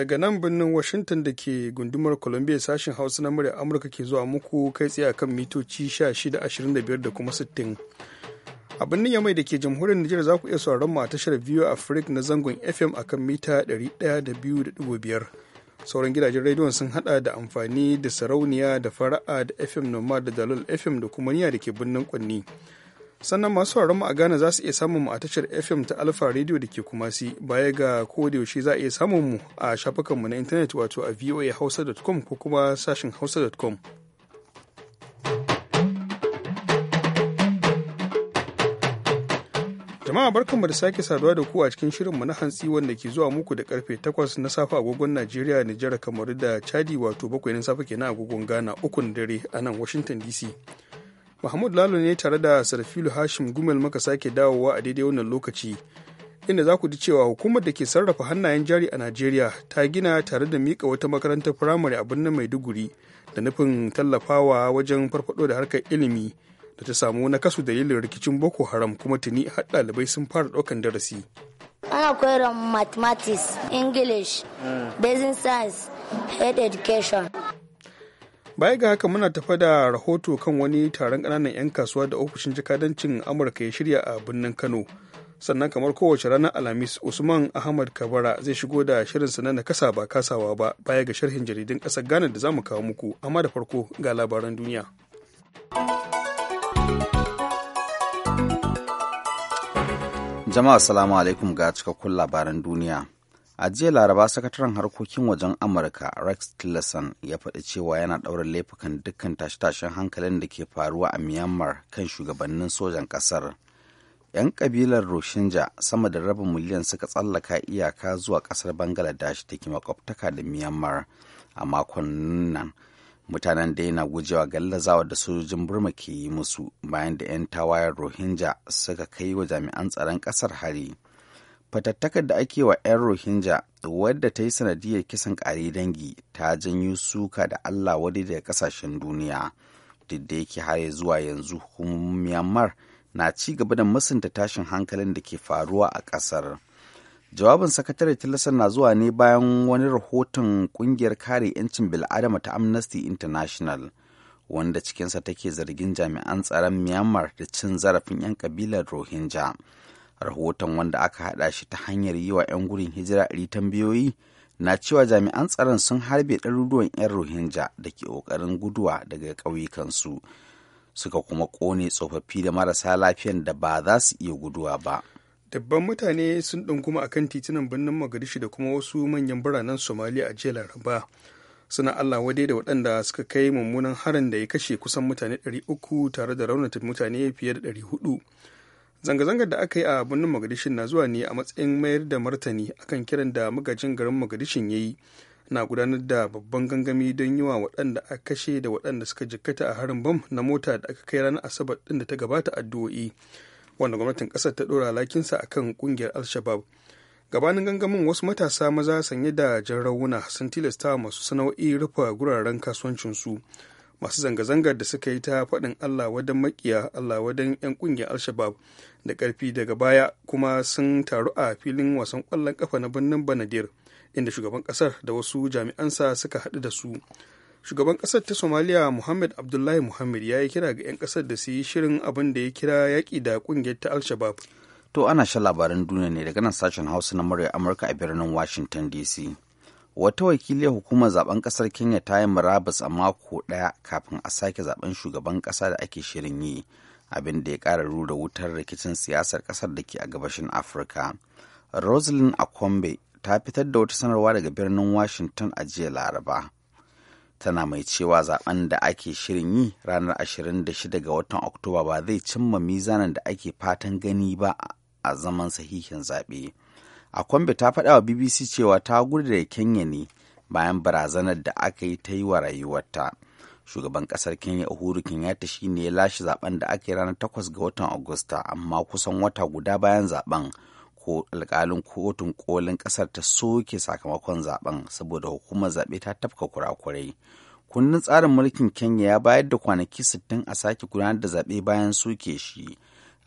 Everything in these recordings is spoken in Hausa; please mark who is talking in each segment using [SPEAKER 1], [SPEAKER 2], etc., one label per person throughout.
[SPEAKER 1] daga nan birnin Washington da ke gundumar Columbia sashen Hausa na murya Amurka ke zuwa muku kai tsaye a kan mitoci 1625 da kuma 60. A birnin Yamai da ke jamhuriyar Nijar za ku iya sauraron mu a tashar a Africa na zangon FM a kan mita 102.5. Sauran gidajen rediyon sun hada da amfani da sarauniya da fara'a da FM Nomad da Dalol FM da kuma niya da ke birnin Kwanni. sannan masu sauraron mu a Ghana za su iya samun mu a tashar FM ta alfa Radio da ke Kumasi baya ga yaushe za a iya samun mu a shafukan mu na intanet wato a voahausa.com ko kuma sashin hausa.com. Jama'a barkanmu da sake saduwa da ku a cikin shirin mu na hantsi wanda ke zuwa muku da karfe takwas na safa agogon Najeriya, Nijar, Kamaru da Chadi wato bakwai na safe kenan agogon Ghana ukun dare a nan Washington DC. Mahmud Lalo ne tare da Sarfilu Hashim Gumel maka sake dawowa a daidai wannan lokaci. Inda za ku ji cewa hukumar da ke sarrafa hannayen jari a Najeriya ta gina tare da mika wata makarantar firamare a birnin Maiduguri da nufin tallafawa wajen farfado da harkar ilimi da ta samu na kasu dalilin rikicin Boko Haram kuma tuni har ɗalibai sun fara ɗaukan darasi. Ana
[SPEAKER 2] koyar mathematics, English, mm. basic science, head education.
[SPEAKER 1] baya ga haka muna tafa da rahoto kan wani taron ƙananan 'yan kasuwa da ofishin jakadancin amurka ya shirya a birnin kano sannan kamar kowace ranar alhamis usman ahmad kabara zai shigo da shirin na nakasa ba kasawa ba baya ga sharhin jaridun ƙasar ghana da za mu kawo muku amma da farko ga labaran duniya
[SPEAKER 2] jama'a salamu alaikum ga cikakkun labaran duniya a jiya laraba sakataren harkokin wajen amurka rex tillerson ya faɗi cewa yana ɗaura laifukan dukkan tashe-tashen hankalin da ke faruwa a myanmar kan shugabannin sojan ƙasar 'yan kabilar roshinja sama da rabin miliyan suka tsallaka iyaka zuwa ƙasar bangaladesh da ke makwabtaka da myanmar a makon nan mutanen da yana gujewa gallazawa da sojojin burma ke yi musu bayan da 'yan tawayen rohingya suka kai wa jami'an tsaron ƙasar hari. fatattakar da ake wa 'yan rohingya wadda ta yi sanadiyar kisan ƙare dangi ta janyo suka da allah wadai daga kasashen duniya duk da yake har zuwa yanzu hukumomin myanmar na ci gaba da masunta tashin hankalin da ke faruwa a ƙasar jawabin sakatare tillerson na zuwa ne bayan wani rahoton ƙungiyar kare 'yancin bil'adama ta amnesty international wanda cikinsa take zargin jami'an tsaron myanmar da cin zarafin 'yan kabilar rohingya rahoton wanda aka haɗa shi ta hanyar yi wa 'yan gurin hijira iri tambayoyi na cewa jami'an tsaron sun harbe ɗaruruwan 'yan rohingya da ke ƙoƙarin guduwa daga ƙauyukansu suka kuma ƙone tsofaffi da marasa lafiyan da ba za su iya guduwa ba
[SPEAKER 1] dabban mutane sun ɗunguma akan titunan birnin Mogadishu da kuma wasu manyan biranen somaliya a jiya laraba suna allah wadai da waɗanda suka kai mummunan harin da ya kashe kusan mutane 300 tare da raunata mutane fiye da 400 zanga-zangar da aka yi a birnin magadishin na zuwa ne a matsayin mayar da martani akan kiran da magajin garin magadishin ya yi na gudanar da babban gangami don yi wa waɗanda aka kashe da waɗanda suka jikkata a harin bam na mota da aka kai ranar asabar ɗin da ta gabata addu'o'i wanda gwamnatin ƙasar ta ɗora lakinsa kan ƙungiyar al-shabab gabanin gangamin wasu matasa maza sanye da jan rawuna sun tilasta masu sana'o'i rufe guraren kasuwancinsu masu zanga-zangar da suka yi ta faɗin allah wadan makiya allah wadan 'yan ƙungiyar alshabab da ƙarfi daga baya kuma sun taru a filin wasan ƙwallon ƙafa na birnin banadir inda shugaban ƙasar da wasu jami'ansa suka haɗu da su shugaban ƙasar ta somaliya muhammad abdullahi muhammad ya yi kira ga 'yan ƙasar da su yi shirin abin da ya kira yaƙi da ƙungiyar ta alshabab
[SPEAKER 2] to ana shan labaran duniya ne daga nan sashen hausa na murya amurka a birnin washington dc wata wakiliyar hukumar zaben kasar kenya ta yi murabus a mako daya kafin a sake zaben shugaban kasa da ake shirin yi abin da ya kara rura wutar rikicin siyasar kasar da ke a gabashin afirka rosalind akombe ta fitar da wata sanarwa daga birnin washington a jiya laraba tana mai cewa zaben da ake shirin yi ranar 26 ga watan oktoba ba zai cimma mizanin da ake fatan gani ba a zaman sahihin zaɓe. kwambe ta faɗa wa BBC cewa ta gudu da Kenya ne bayan barazanar da aka yi ta yi wa rayuwarta. Shugaban ƙasar Kenya Uhuru Kenyatta shi ne ya lashe zaben da aka yi ranar 8 ga watan Agusta amma kusan wata guda bayan zaben ko alkalin kotun kolin ƙasar ta soke sakamakon zaben saboda hukumar zaɓe ta tafka kurakurai. Kundin tsarin mulkin Kenya ya bayar da kwanaki sittin a sake gudanar da zaɓe bayan soke shi.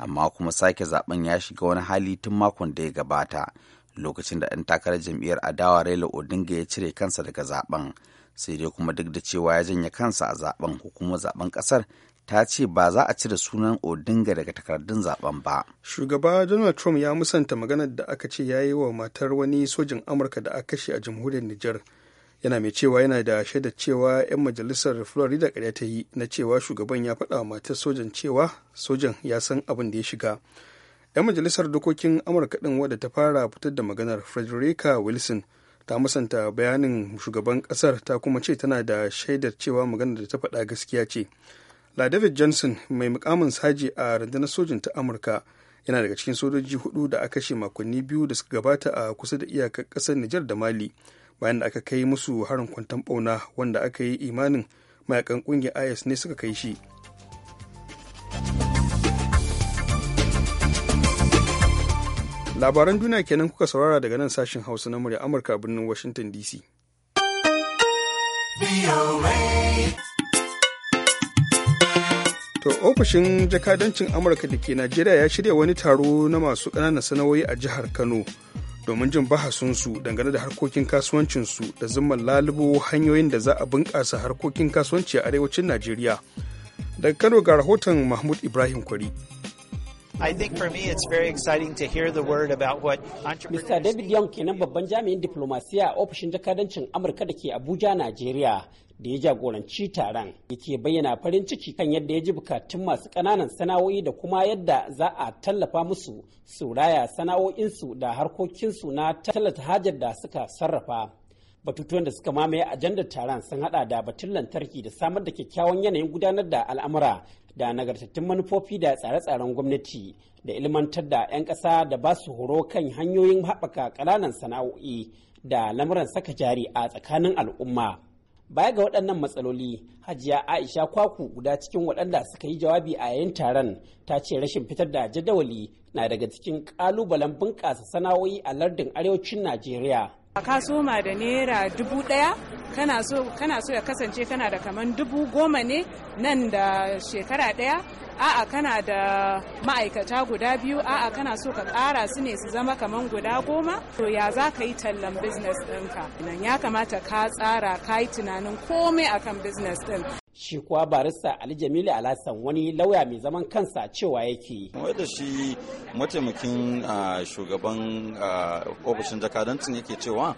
[SPEAKER 2] amma kuma sake zaben ya shiga wani hali tun makon da ya gabata lokacin da 'yan takarar jam'iyyar adawa raila odinga ya cire kansa daga zaben sai dai kuma duk da cewa ya janye kansa a zaben hukumar zaben ƙasar ta ce ba za a cire sunan odinga daga takardun zaben ba
[SPEAKER 1] shugaba donald trump ya musanta maganar da aka ce ya yi wa matar wani sojin amurka da aka kashe a jamhuriyar niger yana mai cewa yana da shaida cewa 'yan majalisar florida ƙarya ta yi na cewa shugaban ya faɗa wa matar sojan cewa sojan ya san abin da ya shiga 'yan majalisar dokokin amurka ɗin wadda ta fara fitar da maganar frederica wilson ta musanta bayanin shugaban ƙasar ta kuma ce tana da shaidar cewa maganar da ta faɗa gaskiya ce la david johnson mai mukamin saji a rundunar sojin ta amurka yana daga cikin sojoji hudu da aka makonni biyu da suka gabata a kusa da iyakar ƙasar nijar da mali bayan da aka kai musu harin kwantan bauna wanda aka yi imanin mayakan kungiyar is ne suka kai shi labaran duniya kenan kuka saurara daga nan sashen hausa na murya amurka birnin washington dc To ofishin jakadancin Amurka da ke Najeriya ya shirya wani taro na masu ƙananan sanawoyi a jihar Kano domin jin bahasunsu dangane da harkokin kasuwancinsu da zumman lalubo hanyoyin da za a bunƙasa harkokin kasuwanci a arewacin Najeriya. Daga Kano ga rahoton Mahmud Ibrahim Kwari.
[SPEAKER 3] Mista David Young kenan babban jami'in diplomasiya a ofishin jakadancin Amurka da ke Abuja, Najeriya, da ya jagoranci taron. Yake bayyana farin ciki kan yadda ya ji bukatun masu ƙananan sana'o'i da kuma yadda za a tallafa musu su raya sana'o'insu da harkokinsu na tallata hajar da suka sarrafa. Batutuwan da suka mamaye ajandar taron sun hada da batun lantarki da samar da kyakkyawan yanayin gudanar da al'amura da nagartattun manufofi da tsare-tsaren gwamnati da ilmantar da 'yan ƙasa da ba su horo kan hanyoyin haɓaka ƙananan sana'o'i da lamuran saka jari a tsakanin al'umma. Baya ga waɗannan matsaloli, Hajiya Aisha Kwaku guda cikin waɗanda suka yi jawabi a yayin taron ta ce rashin fitar da jadawali na daga cikin ƙalubalen bunƙasa sana'o'i a lardin arewacin Najeriya. ka soma da naira dubu daya kana so ya kasance kana da kaman dubu goma ne nan da shekara ɗaya a'a kana da ma'aikata guda biyu a'a kana so ka ƙara su ne su zama kaman guda goma to ya za ka yi tallan business ɗinka nan ya kamata ka tsara ka yi tunanin komai akan business ɗin shi kuwa barista ali jamilu alhassan wani lauya mai zaman kansa cewa
[SPEAKER 2] yake kuma da shi mataimakin ah, shugaban ah, ofishin jakadancin yake cewa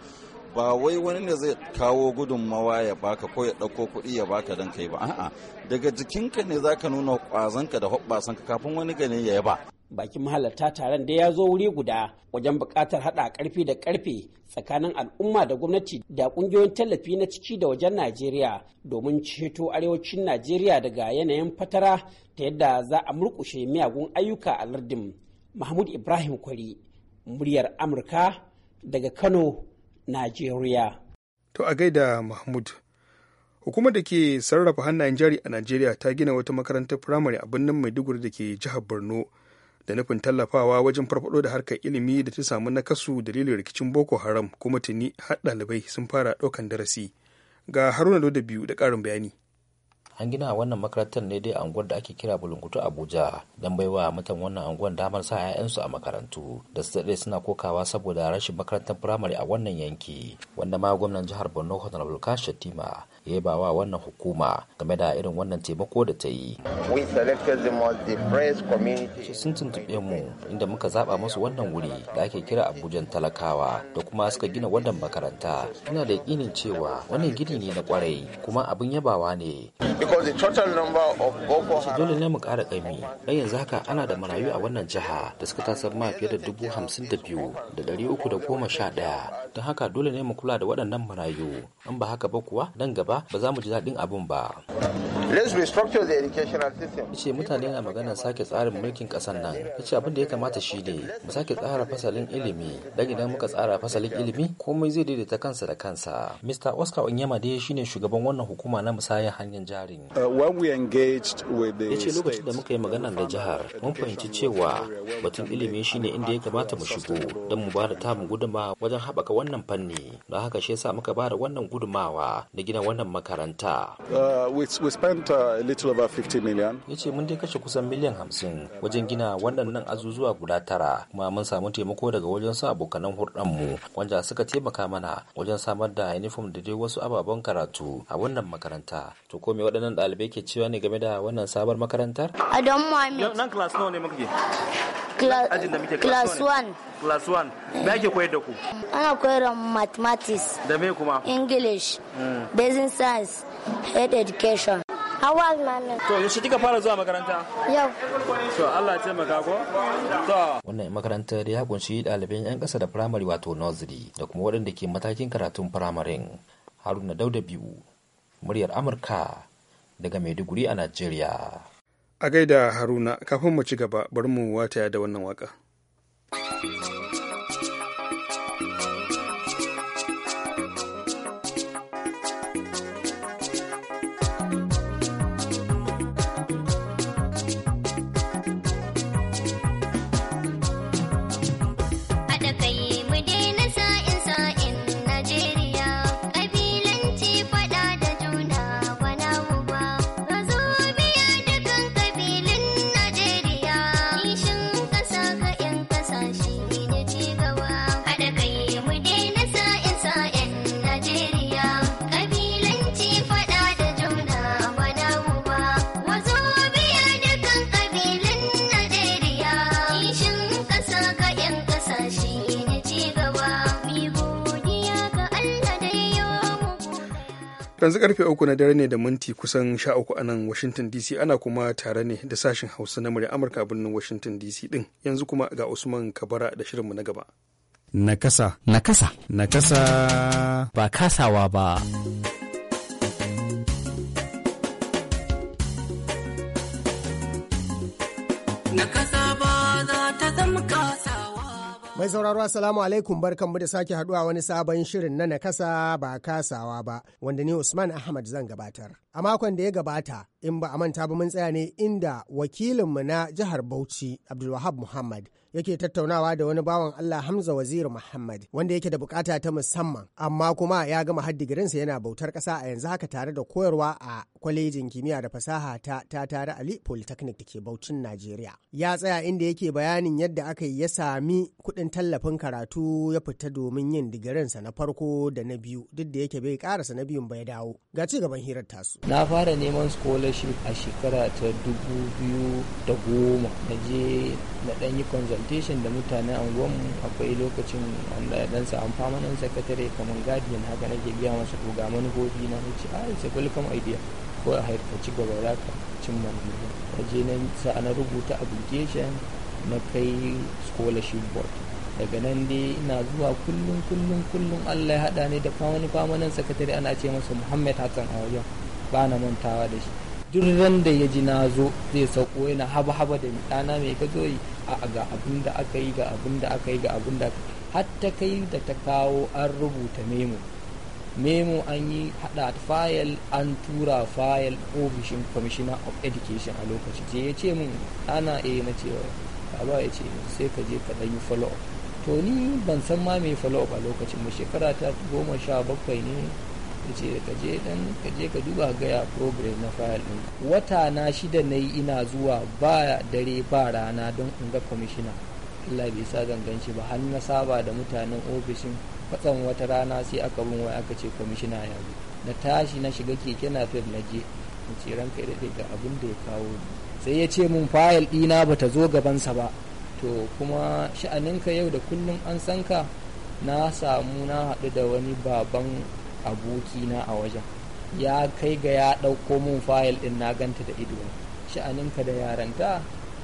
[SPEAKER 2] ba wai wani ne zai kawo gudunmawa ya baka ko ya ɗauko kuɗi ya baka don kai ba a'a daga jikinka ne zaka nuna kwazanka da hoɓɓasanka kafin
[SPEAKER 3] wani gani ya yaba bakin mahalarta taron da ya zo wuri guda wajen buƙatar haɗa ƙarfi da karfe tsakanin al'umma da gwamnati da ƙungiyoyin tallafi na ciki da wajen najeriya domin ceto arewacin najeriya daga yanayin fatara ta yadda za a murƙushe miyagun ayyuka a lardin mahmud ibrahim kwari muryar amurka
[SPEAKER 1] daga kano najeriya to a gaida mahmud hukumar da ke sarrafa hannayen jari a najeriya ta gina wata makarantar firamare a birnin maiduguri da ke jihar borno da nufin tallafawa wajen farfado da harkar ilimi da ta samu nakasu dalilin rikicin boko haram kuma tuni har ɗalibai sun fara ɗaukan darasi ga haruna da biyu da ƙarin bayani an gina wannan makarantar ne dai a unguwar da ake kira bulunkutu abuja
[SPEAKER 4] don baiwa mutan wannan unguwar damar sa 'ya'yansu a makarantu da su daɗe suna kokawa saboda rashin makarantar firamare a wannan yanki wanda ma gwamnan jihar borno honorable kashi shatima ya yaba wa wannan hukuma game da irin wannan taimako da ta yi. Sun tuntuɓe mu inda muka zaɓa masu wannan wuri da ake kira Abujan talakawa da kuma suka gina wannan makaranta. Ina da yakinin cewa wannan gini ne na kwarai kuma abin yabawa ne. Dole ne mu ƙara ƙami. Dan yanzu haka ana da marayu a wannan jiha da suka tasar ma fiye da dubu hamsin da biyu da ɗari uku da goma sha ɗaya. Don haka dole ne mu kula da waɗannan marayu. an ba haka ba kuwa nan gaba ba ba za mu ji daɗin abin ba. Let's Yace mutane na magana sake tsarin mulkin kasan nan. Yace abin da ya kamata shi ne mu sake tsara fasalin ilimi. Dan idan muka tsara fasalin ilimi komai zai daidaita kansa da kansa. Mr. Oscar Onyema dai shine shugaban wannan hukuma na musayar hanyar jarin. Uh, Yace lokacin da muka yi magana da jihar mun fahimci cewa batun ilimi shine inda ya kamata mu shigo don mu bada tamu guduma wajen haɓaka wannan fanni. Don haka shi yasa muka bada wannan gudumawa da gina wannan makaranta.
[SPEAKER 2] Uh, spent a little over 50 million.
[SPEAKER 4] Ya ce mun dai kashe kusan miliyan hamsin wajen gina waɗannan azuzuwa guda tara kuma mun samu taimako daga wajen su abokanan mu wanda suka taimaka mana wajen samar da uniform da dai wasu ababen karatu a wannan makaranta. To ko me waɗannan ɗalibai ke cewa ne game da wannan sabar makarantar?
[SPEAKER 2] A don Mohammed. Nan class
[SPEAKER 4] nawa ne muke? Class 1. Class 1. Me ake koyar da ku?
[SPEAKER 2] Ana koyar da mathematics. Da me kuma? English. Mm. Basic science. Head education.
[SPEAKER 5] Hawa To yaushe kika fara zuwa makaranta? Yau.
[SPEAKER 4] To Allah ya taimaka To. Wannan makarantar ya kunshi ɗaliban 'yan ƙasa da firamare wato nursery da kuma waɗanda ke matakin karatun firamarin. Haruna Dauda biyu, muryar
[SPEAKER 1] Amurka daga Maiduguri a Najeriya. A gaida Haruna, kafin mu ci gaba, bari mu wataya da wannan waka. yanzu karfe uku na dare ne da minti kusan sha uku a nan washington dc ana kuma tare ne da sashen hausa na murya amurka a birnin washington dc din yanzu kuma ga usman kabara da shirinmu na gaba nakasa
[SPEAKER 4] nakasa nakasa ba kasawa ba nakasa
[SPEAKER 6] Mai sauraro Assalamu alaikum barkanmu da sake haduwa wani sabon shirin na nakasa ba kasawa ba wanda ni Usman Ahmad zan gabatar. A makon da ya gabata in ba a manta ba mun tsaya ne inda wakilinmu na jihar Bauchi Abdulwahab Muhammad yake tattaunawa da wani bawan Allah Hamza Waziri Muhammad wanda yake da bukata ta musamman amma kuma ya gama haddigirinsa yana bautar kasa a yanzu haka tare da koyarwa a kwalejin kimiyya da fasaha ta ta tare Ali Polytechnic da ke Bauchin Najeriya. Ya tsaya inda yake bayanin yadda aka yi ya sami kuɗin tallafin karatu ya fita domin yin digirinsa na farko da na biyu duk da yake bai karasa na biyun bai dawo. Ga ci gaban hirar
[SPEAKER 5] tasu. Na fara neman scholarship a shekara ta dubu biyu da goma na je na dan yi presentation da mutanen anguwanmu akwai lokacin wanda ya dan sakatare kamar guardian haka nake biya masa to ga manufofi na ce a ah, it's a welcome idea ko a haifa ci gaba za ka cin manufofi a je na sa'a na rubuta application na kai scholarship board daga nan dai ina zuwa kullum kullum kullum Allah ya haɗa ni da wani famanin sakatare ana ce masa Muhammad Hassan a wajen ba na mantawa da shi duk randa da ya ji na zo zai sauko yana haba haba da ɗana mai ka zo yi a'a ga abin da aka yi ga abin da aka yi ga abin da hatta kai da ta kawo an rubuta memo memo an yi hada fayil an tura fayil ofishin commissioner of education a lokaci je ya ce min ana e eh, na cewa baba ya ce sai ka je ka dan yi follow up to ni ban san ma mai follow up a lokacin mu shekara ta goma sha bakwai ne ce ka je dan ka je ka duba gaya ya na fayil din wata na shida na yi ina zuwa ba dare ba rana don in ga commissioner Allah bai sa gangan shi ba har na saba da mutanen ofishin kwatsan wata rana sai aka bin wai aka ce kwamishina ya zo na tashi na shiga keke na fed na je in ce ranka ya ga abin da ya kawo sai ya ce mun fayil ɗina ba ta zo gabansa ba to kuma sha'aninka yau da kullum an san ka na samu na haɗu da wani baban abokina a wajen ya kai ga ya ɗauko mun fayil ɗin na ganta da ido sha'aninka da yaranta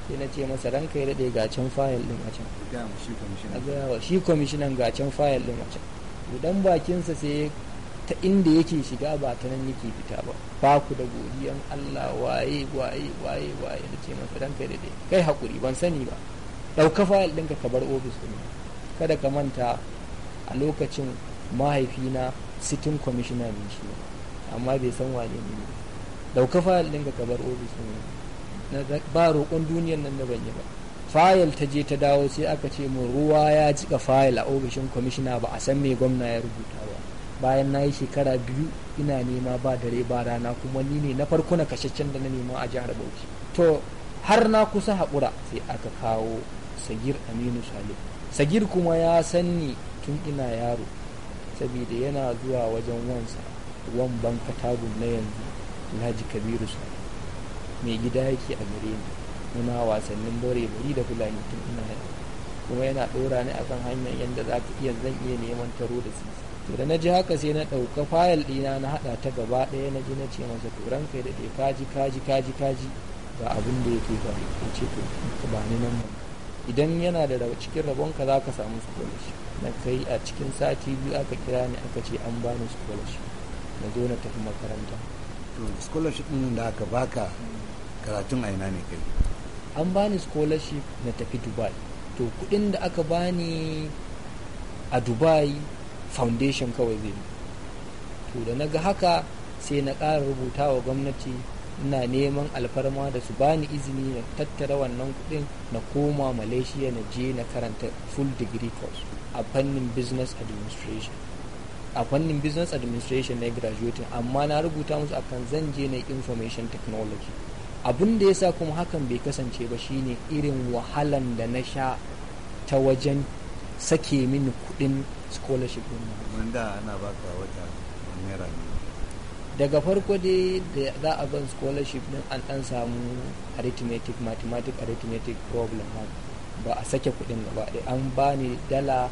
[SPEAKER 5] sai na ce masa ranka ya daɗe ga can fayil ɗin a can a shi kwamishinan ga can fayil ɗin a can idan bakinsa sai ta inda yake shiga ba ta nan yake fita ba ba ku da godiyan Allah waye waye waye waye na ce masa ranka ya daɗe. kai hakuri ban sani ba ɗauka fayil ɗinka ka bar ofis ɗin kada ka manta a lokacin mahaifina sitin kwamishina ne shi amma bai san wane ne ba. dauka fayil ɗin ka bar ofis ne ba roƙon duniyar nan da ban yi ba fayil ta je ta dawo sai aka ce mun ruwa ya jika fayil a ofishin kwamishina ba a san me gwamna ya rubuta ba bayan na yi shekara biyu ina nema ba dare ba rana kuma ni ne na farko na kashaccen da na nema a jihar bauchi to har na kusa haƙura sai aka kawo sagir aminu salim sagir kuma ya sanni tun ina yaro saboda yana zuwa wajen wansa wan banka tagun na yanzu laji kabiru su mai gida yake a gare ni muna wasannin bore bari da fulani tun ina yau kuma yana ɗora ni akan hanyar yadda za ka iya zan iya neman taro da su to da na ji haka sai na ɗauka fayal ɗina na haɗa ta gaba ɗaya na ji na ce masa to ranka da ɗaya kaji kaji kaji kaji ga abin da yake faru ce to ba ni nan ba idan yana da cikin rabonka za ka samu scholarship na kai a cikin sati biyu aka kira ni aka ce an bani scholarship na zo na tafi makaranta to scholarship din da aka baka karatun a ina ne kai an bani scholarship na tafi dubai to kudin da aka bani a dubai foundation kawai zai to da na ga haka sai na ƙara rubuta wa gwamnati ina neman alfarma da su bani izini na tattara wannan kudin na koma malaysia na je na karanta full degree course a fannin business administration a fannin business administration na graduating amma na rubuta musu akan zan je na information technology abin da ya sa kuma hakan bai kasance ba shine irin wahalan da na sha ta wajen sake mini kudin scholarship ɗin wanda ana baka
[SPEAKER 7] wata naira ne
[SPEAKER 5] daga farko dai da za a ban scholarship din an dan samu arithmetic mathematic arithmetic problem ba a sake kudin ba dai an bani dala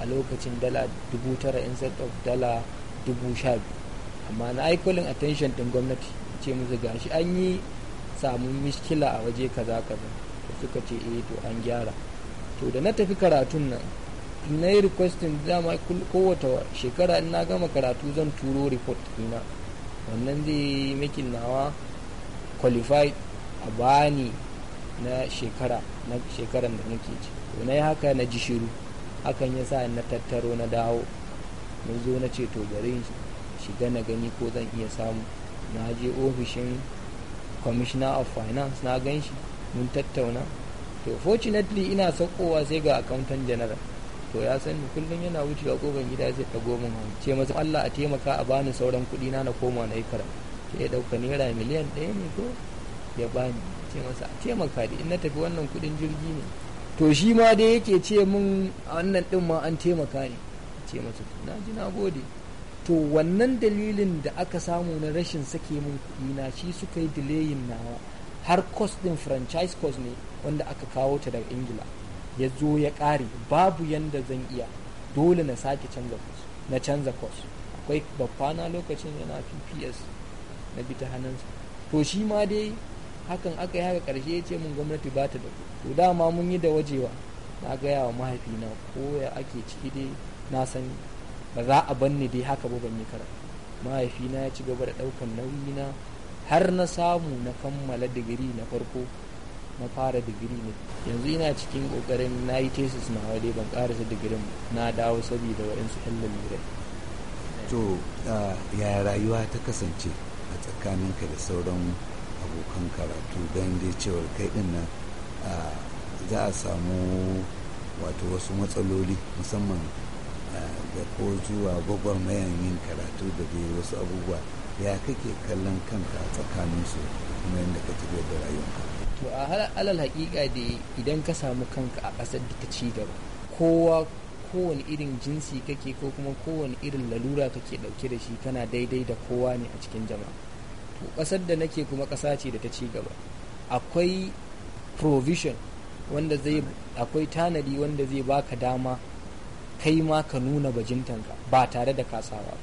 [SPEAKER 5] a lokacin dala dubu tara instead of dala dubu sha biyu amma na aikolin attention din gwamnati ce musu gashi an yi samun miskila a waje kaza kaza suka ce eh to an gyara to da na tafi karatun nan na yi requesting dama kowace shekara in na gama karatu zan turo report ina wannan zai makin nawa qualified a bani na shekara na shekaran da nake ci to na yi haka na ji shiru hakan ya sa na tattaro na dawo na zo na ce to bari shiga na gani ko zan iya samu na je ofishin commissioner of finance na ganshi mun tattauna to fortunately ina saukowa sai ga accountant general to ya sani kullum yana wucewa kofar gida zai ɗago min ce masa Allah a taimaka a bani sauran kuɗi na na koma na yi karatu ce ya ɗauka naira miliyan ɗaya ne ko ya bani ce masa a taimaka da in na tafi wannan kuɗin jirgi ne to shi ma dai yake ce min wannan ɗin ma an taimaka ne ce masa to na ji na gode to wannan dalilin da aka samu na rashin sake min kuɗi na shi suka yi dilayin nawa har cost din franchise cost ne wanda aka kawo ta daga ingila ya zo ya ƙare babu yanda zan iya dole na sake canza kwas na canza kwas akwai babbana lokacin yana pps na bi ta hannunsa to shi ma dai hakan aka yi haka karshe ya ce mun gwamnati ba ta da to dama mun yi da wajewa na gaya wa mahaifina ko ya ake ciki dai na sani ba za a banni dai haka ba ban yi karatu mahaifina ya ci gaba da ɗaukan na har na samu na kammala digiri na farko na fara digiri ne yanzu ina cikin kokarin na yi tesis na dai ban karasa digirin na dawo saboda waɗansu ɗan lalurai
[SPEAKER 7] to ya rayuwa ta kasance a tsakaninka da sauran abokan karatu don dai cewar kai ɗin nan za a samu wato wasu matsaloli musamman da ko zuwa gwagwar yin karatu da dai wasu abubuwa ya kake kallon kanka a su kuma yadda ka tafiyar da rayuwarka
[SPEAKER 5] to a alal haƙiƙa da idan ka samu kanka a ƙasar da ta ci gaba kowa kowane irin jinsi kake ko kuma kowane irin lalura kake dauke da shi kana daidai da kowa ne a cikin jama'a to ƙasar da nake kuma ƙasa ce da ta ci gaba akwai provision wanda zai akwai tanadi wanda zai baka dama kai ma ka nuna bajintanka ba tare da kasawa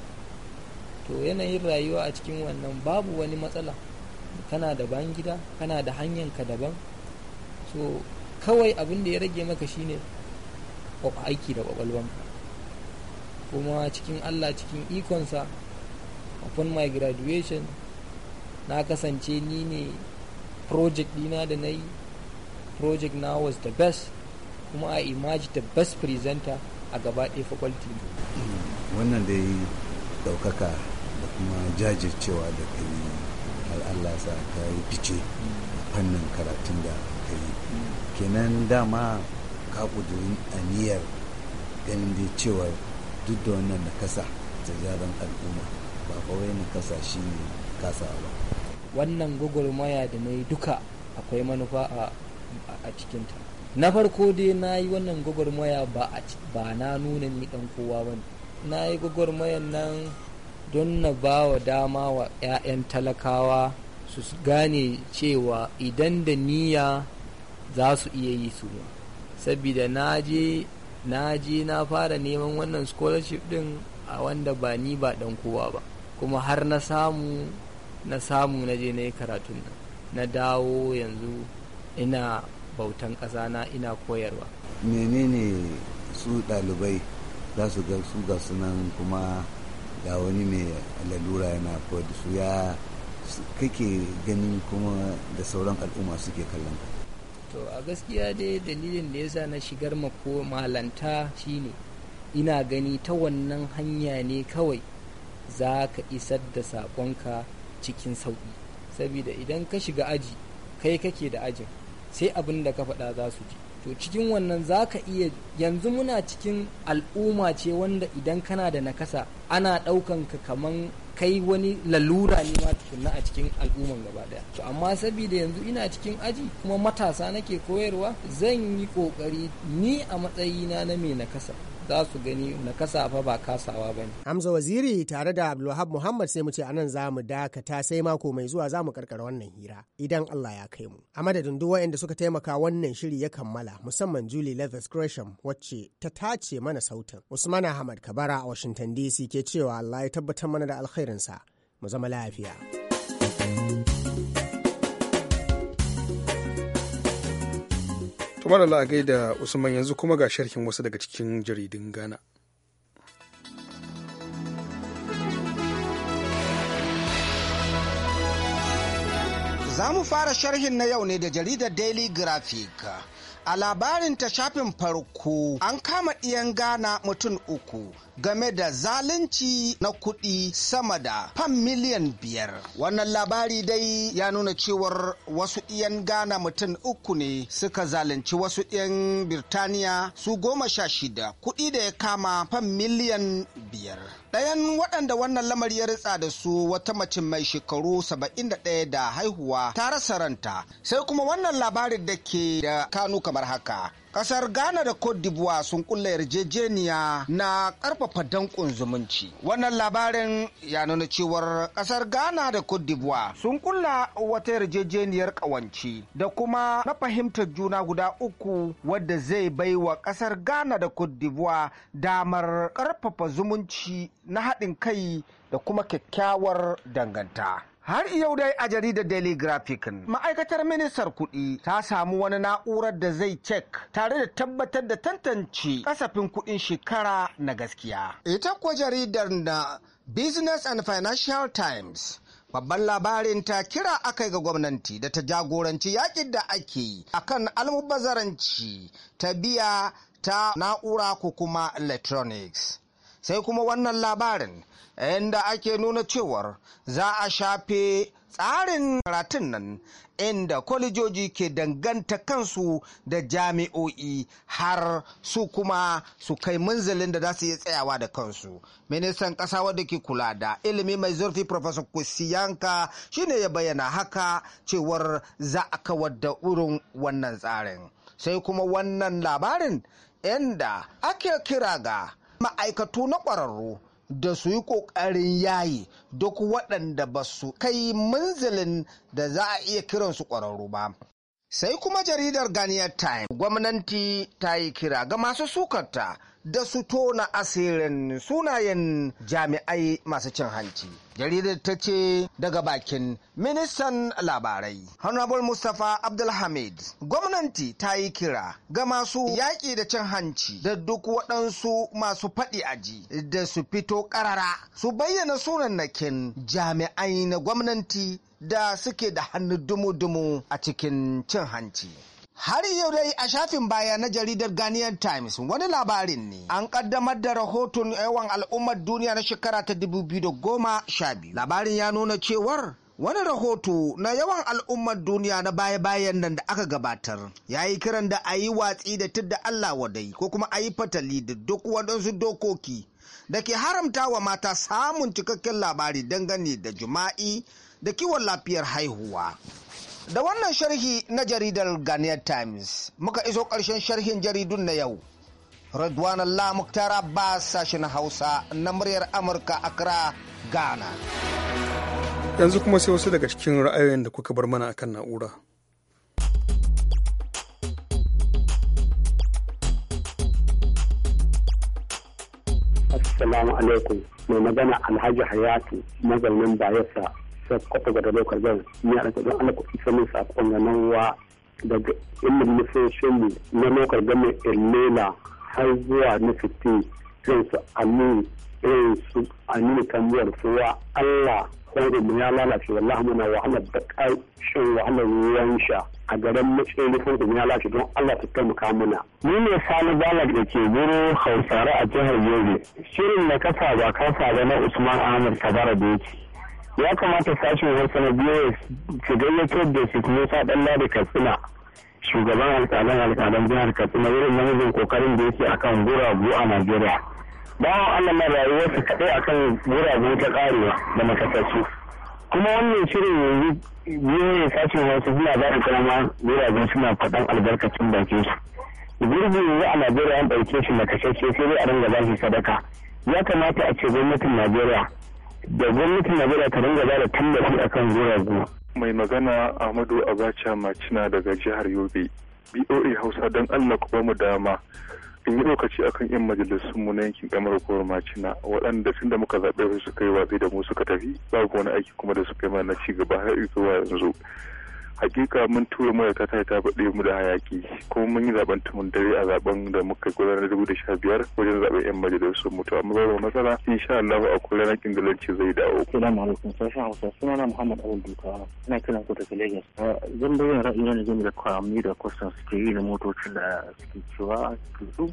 [SPEAKER 5] to yanayin rayuwa a cikin wannan babu wani matsala kana da bayan gida kana da ka daban so kawai abin da ya rage maka shine aiki da kwakwalwanka kuma cikin allah cikin ikonsa upon my graduation na kasance ni ne project dina da na yi project na was the best kuma a imaji the best presenter a gaba ɗaya faculty
[SPEAKER 7] wannan dai ɗaukaka da kuma jajircewa da kai har allah sa ta yi fice fannin karatun da ka yi kenan dama ka ƙudurin aniyar ganin dai cewa duk da wannan nakasa ta gyaran al'umma ba kawai kasa shi ne kasa ba
[SPEAKER 5] wannan gwagwarmaya da na yi duka akwai manufa a cikinta na farko dai na yi wannan gwagwarmaya ba na nuna ni dan kowa ba na yi gwagwarmayan nan don na ba wa dama wa 'ya'yan talakawa su gane cewa idan da niyya za su iya yi su sabida na je na na fara neman wannan scholarship din a wanda ba ni ba dan kowa ba kuma har na samu na samu na je na yi karatun nan na dawo yanzu ina bautan ƙasa na ina koyarwa
[SPEAKER 7] menene su ɗalibai za su ga su ga sunan kuma ga wani mai lalura yana koyar da su ya kake ganin kuma da sauran al'umma suke kallon ka
[SPEAKER 5] to a gaskiya dai dalilin da ya sa na shigar mako malanta shine ina gani ta wannan hanya ne kawai za ka isar da saƙonka cikin sauƙi saboda idan ka shiga aji kai kake da ajin sai abin da ka faɗa za su ji to cikin wannan za ka iya yanzu muna cikin al'umma ce wanda idan kana da nakasa ana ɗaukan ka kaman kai wani lalura ne ma tukunna a cikin al'umman gaba daya to amma saboda yanzu ina cikin aji kuma matasa nake koyarwa zan yi kokari ni a matsayina na mai nakasa za su gani na kasa fa ba kasawa ba ne. Hamza
[SPEAKER 6] Waziri tare da Abdulwahab Muhammad sai mu ce anan za mu dakata sai mako mai zuwa za mu karkara wannan hira idan Allah ya kai mu. A madadin duk waɗanda suka taimaka wannan shiri ya kammala musamman Julie Leathers Gresham wacce ta tace mana sautin. Usman Ahmad Kabara a Washington DC ke cewa Allah ya tabbatar mana da alkhairinsa mu zama lafiya.
[SPEAKER 1] tumar Allah a gaida Usman yanzu kuma ga sharhin wasu daga cikin jaridun gana.
[SPEAKER 8] Za mu fara sharhin na yau ne da jaridar Daily Graphic. A labarin ta shafin farko an kama ɗiyan Ghana mutum uku game da zalunci na kuɗi sama da fam miliyan biyar. Wannan labari dai ya nuna cewar wasu ɗiyan gana mutum uku ne suka zalunci wasu ɗiyan Birtaniya su goma sha shida kuɗi da ya kama fam miliyan biyar. Ɗayan waɗanda wannan lamari ya ritsa da su wata mace mai shekaru 71 da haihuwa ta rasa ranta sai kuma wannan labarin da ke da kanu kamar haka. Kasar Ghana da Cote d'Ivoire sun kulla yarjejeniya na karfafa dankon zumunci. Wannan labarin ya nuna cewar kasar Ghana da Cote d'Ivoire sun kulla wata yarjejeniyar kawanci da kuma na fahimtar juna guda uku wadda zai bai wa kasar Ghana da Cote d'Ivoire damar karfafa zumunci na haɗin kai da kuma kyakkyawar danganta. Har yau dai a jaridar Daily Graphic ma'aikatar ministar kuɗi ta samu wani na'urar da zai cek tare da tabbatar da tantance kasafin kuɗin shekara na gaskiya. Ita kuwa jaridar da Business and Financial Times babban labarin ta kira aka ga gwamnati da ta jagoranci yakin da ake akan almubazzaranci ta biya ta na'ura ko kuma electronics sai kuma wannan labarin inda ake nuna cewar za a shafe tsarin karatun nan inda kwalejoji ke danganta kansu da jami'o'i har su kuma su kai munzalin da za su yi tsayawa da kansu ministan ƙasa wadda ke kula da ilimi mai zurfi professor kusiyanka shine ya bayyana haka cewar za a kawar da wurin wannan tsarin sai kuma wannan labarin inda ake kira ga ma'aikatu na ƙwararru da su yi ƙoƙarin yayi duk waɗanda ba su kai munzalin da za a iya kiransu ƙwararru ba Sai kuma jaridar Ganiyar Time, gwamnati ta yi kira ga masu sukarta da su tona asirin sunayen jami'ai masu cin hanci. Jaridar ta ce daga bakin ministan labarai. Honorable Mustapha Abdulhamid, gwamnati ta yi kira ga masu yaƙi da cin hanci da duk waɗansu masu faɗi aji da su fito ƙarara su bayyana sunannakin jami'ai na gwamnati da suke da hannu dumu-dumu a cikin cin hanci. Har yau dai a shafin baya na jaridar Ghanaian Times wani labarin ne an kaddamar da rahoton yawan al'ummar duniya na shekara ta da goma 2012. Labarin ya nuna cewar wani rahoto na yawan al'ummar duniya na baya-bayan nan da aka gabatar ya yi kiran da a yi watsi da tudda Allah wadai ko kuma a yi fatali da duk waɗansu dokoki da ke haramta wa mata samun cikakken labari dangane da jima'i da kiwon lafiyar haihuwa. Da wannan sharhi na jaridar Ghanaian Times muka iso ƙarshen sharhin jaridun na yau. Radwan Allah Muktar Abbas sashen Hausa na muryar Amurka Accra, Ghana.
[SPEAKER 1] Yanzu kuma sai wasu daga cikin ra'ayoyin da kuka bar mana akan na'ura.
[SPEAKER 9] Assalamu alaikum mai magana Alhaji Hayatu mazaunin Bayelsa sai kwata gwada lokal zan yaran ta don Allah ku isa min sakon ga nan wa daga ilimin nufin na lokal gama illela har zuwa na 15 zan su amin irin su aminu tambayar wa Allah kwanzo mu ya lalace wallahi muna wahalar da ƙarshen wahalar ruwan sha a garin matsayin rufin mu ya lalace don Allah ta taimaka mana. Ni ne Sani Balak da ke guru Hausare a jihar Yobe. Shirin na kasa ba kasa da na Usman Ahmad Kabara da yake. ya kamata sashen wasu na biyu su gayyato da su kuma saɗan da katsina shugaban alƙalan alƙalan jihar katsina irin namijin kokarin da yake akan guragu a najeriya bawan allah na rayuwarsa kaɗai akan guragu ta ƙarewa da makasassu kuma wannan shirin yanzu ne sashen wasu suna ba da karama guragu suna faɗan albarkacin bakin su gurbi yanzu a najeriya an ɗauke shi makasashe sai dai a ringa ba shi sadaka ya kamata a ce gwamnatin najeriya da na najeriya ta ringa ba da tallafi akan guragu mai magana ahmadu abacha macina daga jihar yobe boa hausa don allah ku bamu dama in yi lokaci akan yan majalisun mu na yankin kamar kowar macina waɗanda tun da muka zaɓe su kai watsi da mu suka tafi babu wani aiki kuma da suka yi mana ci gaba har zuwa yanzu hakika mun tura mura kasa ta faɗe mu da hayaki kuma mun yi zaben tumun dare a zaben da muka gudanar dubu da sha biyar wajen zaɓen yan majalisar mutu amma babu matsala insha Allah a kula na zai dawo. Assalamu alaikum sashen Hausa suna na Muhammad abu Duka ina kiran ku daga Lagos. Eh, zan bayyana ra'ayi na game da kwamni da kwastan suke yi da motocin da suke cewa su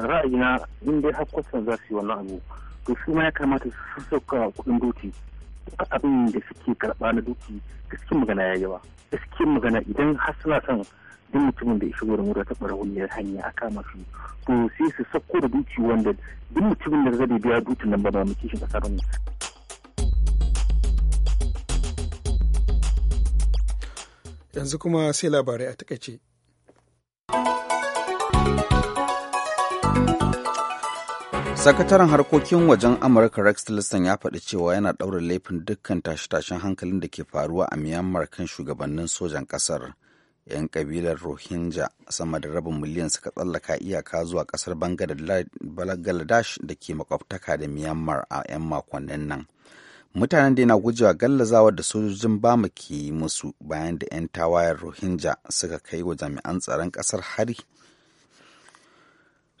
[SPEAKER 9] ra'ayina in dai har kwastan za su yi wannan abu to su ma ya kamata su sauka kuɗin duti abin da suke karɓa na duki suke magana ya yawa suke magana idan har suna son duk mutumin da ya shigo da mura ta ɓarauniyar hanya a kama su to sai su sako da duki wanda duk mutumin da zai biya dukin nan ba ba mu shi kasar mu.
[SPEAKER 1] yanzu kuma sai labarai a takaice.
[SPEAKER 2] sakataren harkokin wajen amurka rex tillerson ya faɗi cewa yana ɗaura laifin dukkan tashe-tashen hankalin da ke faruwa a myanmar kan shugabannin sojan ƙasar 'yan kabilar rohingya sama da rabin miliyan suka tsallaka iyaka zuwa ƙasar bangladesh da ke makwabtaka da myanmar a 'yan makonnin nan mutanen da yana gujewa gallazawa da sojojin bamu ke yi musu bayan da 'yan tawayen rohingya suka kai wa jami'an tsaron ƙasar hari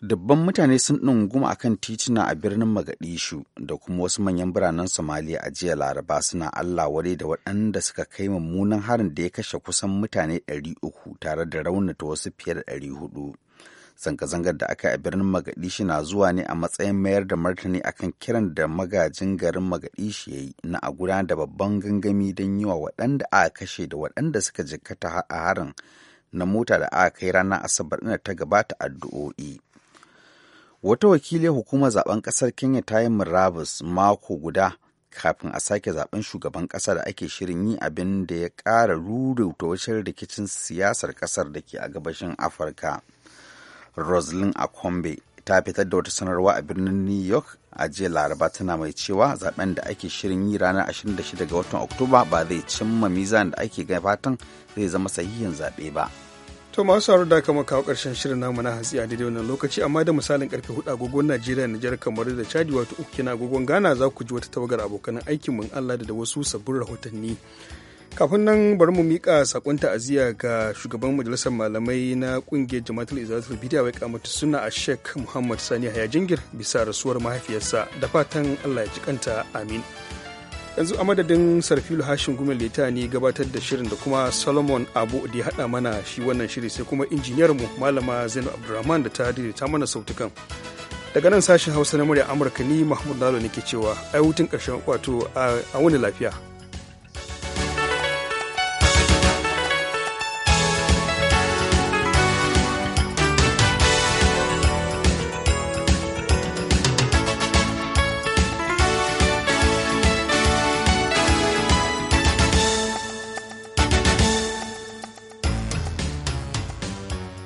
[SPEAKER 2] dubban mutane sun ɗunguma a kan tituna a birnin Magadishu da kuma wasu manyan biranen Somalia a jiya Laraba suna Allah wadai da waɗanda suka kai mummunan harin da ya kashe kusan mutane 300 tare da raunata wasu fiye da 400. Zanga-zangar da aka yi a birnin Magadishi na zuwa ne a matsayin mayar da martani akan kiran da magajin garin Magadishu ya yi na a gudanar da babban gangami don yi wa waɗanda aka kashe da waɗanda suka jikkata a harin na mota da aka kai ranar Asabar ta gabata addu'o'i. wata wakiliyar hukumar zaben kasar kenya ta yi murabus mako guda kafin a sake zaben shugaban kasa da ake shirin yi abin da ya ƙara ta wacce rikicin siyasar kasar da ke a gabashin afirka rosalind akombe ta fitar da wata sanarwa a birnin new york a jiya laraba tana mai cewa zaben da ake shirin yi ranar 26 ga watan oktoba ba zai cimma mizan da ake gabatan zai zama sahihin zaɓe ba.
[SPEAKER 1] To masu sauraro da kama kawo karshen shirin namu na hatsi a daidai wannan lokaci amma da misalin karfe hudu agogon Najeriya Nijar kamar da Chadi wato uku na agogon Ghana za ku ji wata tawagar abokan aikin mun Allah da wasu sabbin rahotanni. Kafin nan bari mu mika sakon ta'aziyya ga shugaban majalisar malamai na kungiyar Jama'atul Izalatul Bidiya wai kamata suna a Sheikh Muhammad Sani Hayajingir bisa rasuwar mahaifiyarsa da fatan Allah ya ji kanta amin. yanzu a madadin sarfilu hashin gumin leta ne gabatar da shirin da kuma solomon abu da ya haɗa mana shi wannan shiri sai kuma injiniyarmu malama zainab abdulrahman da ta daidaita mana sautukan daga nan sashen hausa na murya amurka ni mahmud nalo ne ke cewa ai hutun ƙarshen wato a wani lafiya